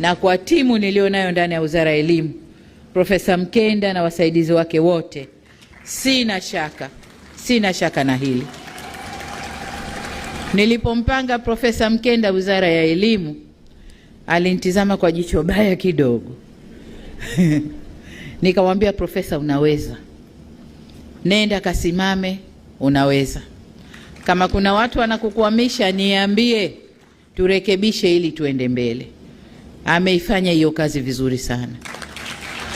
na kwa timu niliyo nayo ndani ya Wizara ya Elimu, Profesa Mkenda na wasaidizi wake wote, sina shaka, sina shaka na hili. Nilipompanga Profesa Mkenda Wizara ya Elimu, alinitizama kwa jicho baya kidogo nikamwambia, Profesa, unaweza nenda kasimame, unaweza. Kama kuna watu wanakukwamisha, niambie turekebishe ili tuende mbele ameifanya hiyo kazi vizuri sana.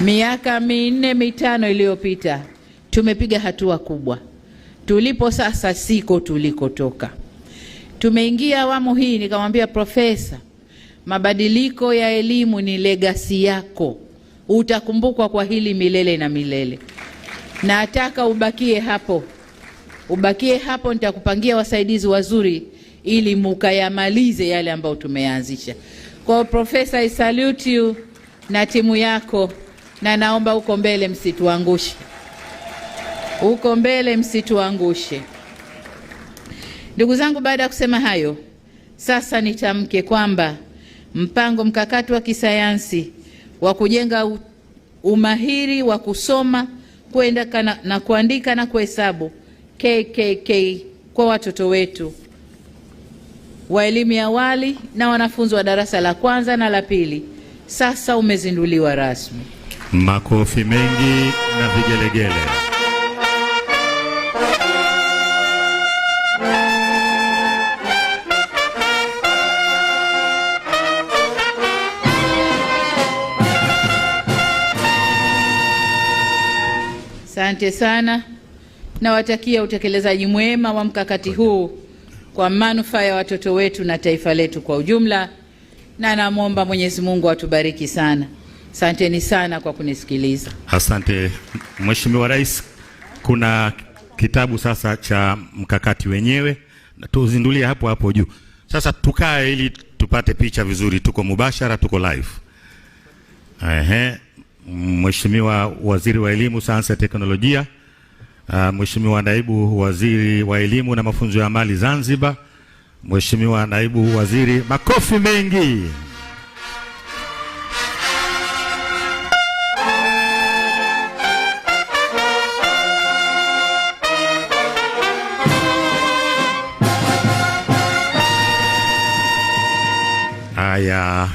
Miaka minne mitano iliyopita tumepiga hatua kubwa. Tulipo sasa siko tulikotoka. Tumeingia awamu hii, nikamwambia profesa, mabadiliko ya elimu ni legasi yako, utakumbukwa kwa hili milele na milele. Nataka na ubakie hapo, ubakie hapo, nitakupangia wasaidizi wazuri ili mukayamalize yale ambayo tumeyaanzisha. Kwa Profesa, I salute you na timu yako, na naomba uko mbele msituangushe, huko mbele msituangushe. Ndugu zangu, baada ya kusema hayo, sasa nitamke kwamba mpango mkakati wa kisayansi wa kujenga umahiri wa kusoma kuenda na, na kuandika na kuhesabu KKK kwa watoto wetu wa elimu ya awali na wanafunzi wa darasa la kwanza na la pili sasa umezinduliwa rasmi. Makofi mengi na vigelegele. Asante sana. Nawatakia utekelezaji mwema wa mkakati huu kwa manufaa ya watoto wetu na taifa letu kwa ujumla, na namwomba Mwenyezi Mungu atubariki sana. Asanteni sana kwa kunisikiliza. Asante Mheshimiwa Rais, kuna kitabu sasa cha mkakati wenyewe, tuzindulie hapo hapo juu. Sasa tukae ili tupate picha vizuri, tuko mubashara, tuko live. Ehe, Mheshimiwa Waziri wa Elimu, Sayansi na Teknolojia Ah, Mheshimiwa Naibu Waziri wa Elimu na Mafunzo ya Amali Zanzibar, Mheshimiwa Naibu Waziri, makofi mengi. Haya,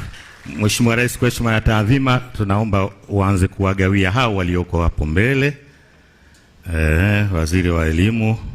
Mheshimiwa Rais, kwa heshima na taadhima, tunaomba uanze kuwagawia hao walioko hapo mbele eh, waziri wa elimu